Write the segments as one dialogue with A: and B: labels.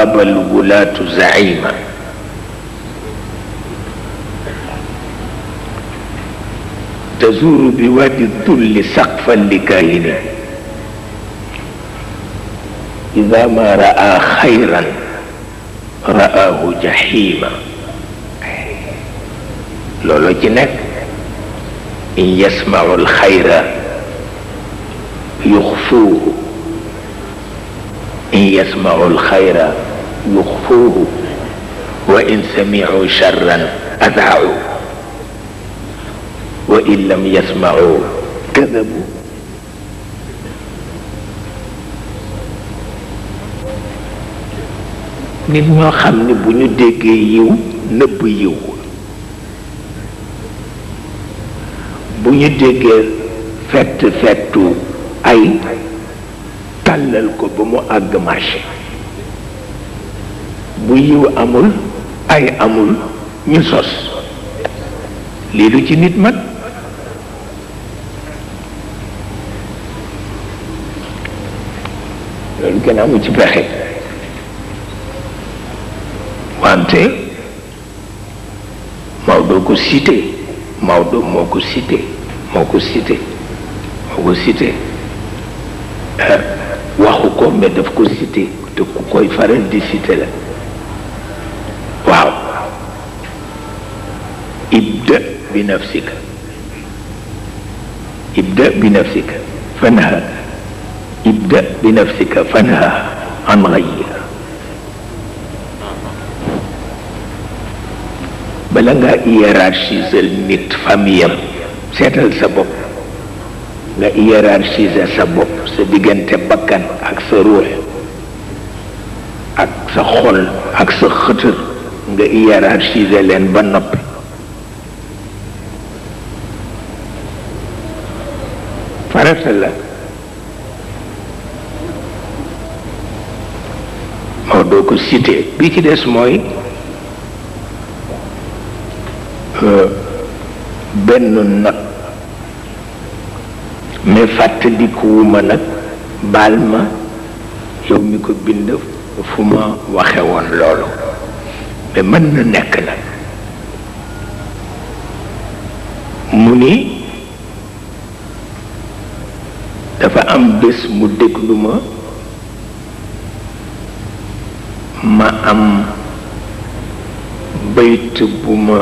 A: خاب الولاة زعيما تزور بوادي الذل سقفا لكاهنه إذا ما رأى خيرا رآه جحيما لولو إن يسمع الخير يخفوه إن يسمع الخير يخفوه وإن سمعوا شرا أذاعوا وإن لم يسمعوا كذبوا nit ñoo xam ne bu ñu déggee yiw nëbb yiw bu ñu déggee fett fettu ay tàllal ko ba mu àgg marché bu yiw amul ay amul ñu sos lii lu ci nit man loolu gën a amul ci pexe wante Maodo ko cité Maodo moo ko cité moo ko cité moo ko cité eh, waxu ko daf ko cité te ku koy faral di cité la ابدأ بنفسك ابدأ بنفسك فانهى ابدأ بنفسك فانهى عن غير بلغا إيراشيز الميت فاميام سيات السبب لا إيراشيز السبب سديغن تبكن أكس روح أكس خل أكس خطر نغا إيراشيز الان بنبي farata la moo doo ko cité bi ci des mooy benn nag mais fàttalikuwuma nag baal ma yow eh, mi ko bind fu ma waxe loolu mais mën na nekk la mu ni dafa am bés mu déglu ma ma am bayt bu ma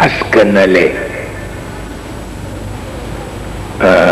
A: askanale euh,